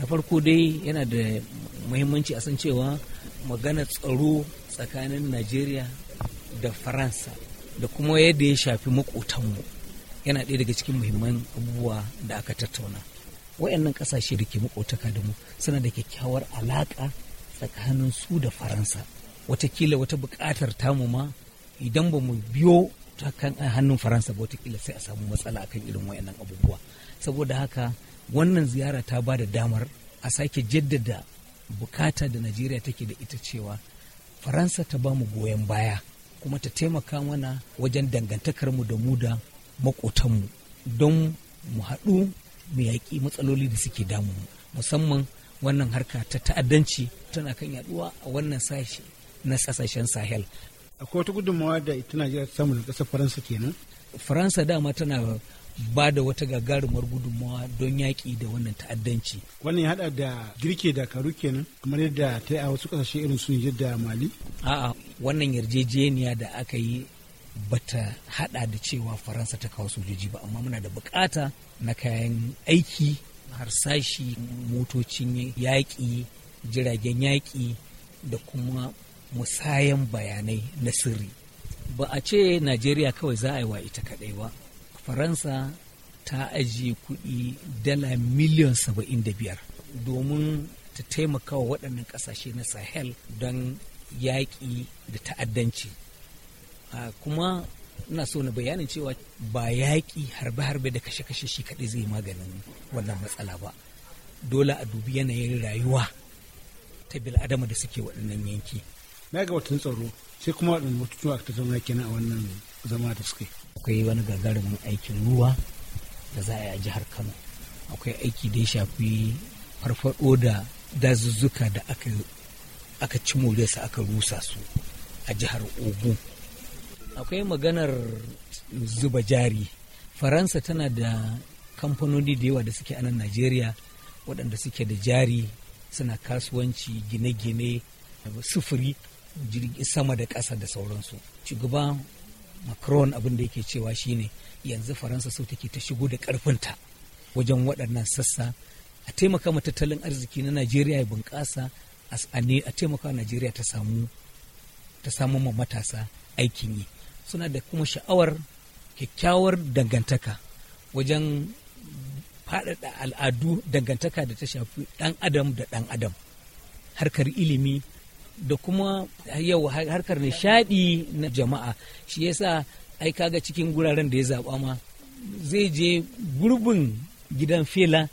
na farko dai yana da muhimmanci a san cewa magana tsaro tsakanin najeriya da faransa da kuma yadda ya shafi makotanmu yana ɗaya daga cikin muhimman abubuwa da aka tattauna wayannan ƙasashe da ke makotaka da mu suna da kyakkyawar alaƙa tsakanin su da faransa watakila wata buƙatar tamu ma idan ba mu biyo ta kan hannun faransa ba watakila sai a samu matsala akan irin wayannan abubuwa saboda haka wannan ziyara ta ba da damar a sake jaddada bukata da najeriya take da ita cewa faransa ta ba mu goyon baya kuma ta taimaka mana wajen dangantakar mu da mu da makotanmu don mu haɗu mu yaƙi matsaloli da suke damu musamman wannan harka ta ta'addanci tana kan yaduwa a wannan sashi na sasashen sahel akwai wata gudunmawa da ita najeriya ta samu da ƙasar faransa kenan faransa dama tana ba da wata gagarumar gudunmawa don yaƙi da wannan ta'addanci. Wannan ya haɗa da girke dakaru kenan kamar yadda ta yi a wasu ƙasashe irin su Nijar da Mali? A'a wannan yarjejeniya da aka yi bata haɗa da cewa Faransa ta kawo sojoji ba amma muna da buƙata na kayan aiki harsashi motocin yaƙi jiragen yaƙi da kuma musayan bayanai na sirri ba a ce najeriya kawai za a yi wa ita kaɗai ba faransa ta ajiye kuɗi dala miliyan saba'in da biyar domin ta taimaka wa waɗannan ƙasashe na sahel don yaƙi da ta'addanci kuma ina so na bayanin cewa ba yaƙi harbe-harbe da kashe-kashe shi kaɗai zai maganin wannan matsala ba dole a dubi yanayin rayuwa ta bil'adama da suke waɗannan yanki na ga watan tsaro sai kuma waɗannan mutuwa ta zauna kenan a wannan zama da suke akwai wani gagarumin aikin ruwa da za a yi a jihar kano akwai aiki da ya shafi farfado da dazuzzuka da aka aka ci su aka rusa su a jihar ogun akwai maganar zuba jari faransa tana da kamfanoni da yawa da suke anan najeriya waɗanda suke da jari suna kasuwanci gine-gine sufuri sama da ƙasa da sauransu shugaba macron abin da yake cewa shine yanzu faransa so take ta shigo da karfinta wajen waɗannan sassa a taimaka ma tattalin arziki na najeriya ya bunƙasa a taimaka najeriya ta samu ta samu ma matasa aikin yi suna da kuma sha'awar kyakkyawar dangantaka wajen faɗaɗa al'adu dangantaka da ta shafi ɗan adam da ɗan adam harkar ilimi da kuma yau harkar nishadi na jama'a shi yasa ai kaga cikin guraren da ya zaba ma zai je gurbin gidan fela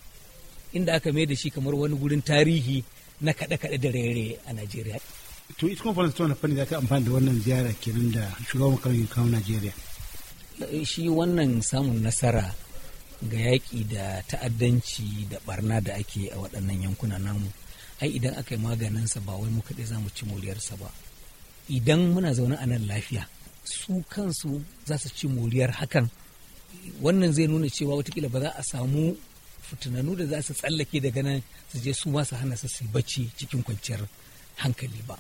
inda aka mai da shi kamar wani gurin tarihi na kaɗe-kaɗe da rere a Najeriya. To it conference ta wani fanni za amfani da wannan ziyara kenan da shugaban makarantar kawo Najeriya. Eh, shi wannan samun nasara ga yaƙi da ta'addanci da barna da ake a waɗannan yankuna namu. ai idan aka yi maganin sa ba wai mu kaɗai za mu ci moriyarsa ba idan muna zaune a nan lafiya su kansu za su ci moriyar hakan wannan zai nuna cewa watakila ba za a samu fitinanu da za su tsallake daga nan su je su ma su hana su bacci cikin kwanciyar hankali ba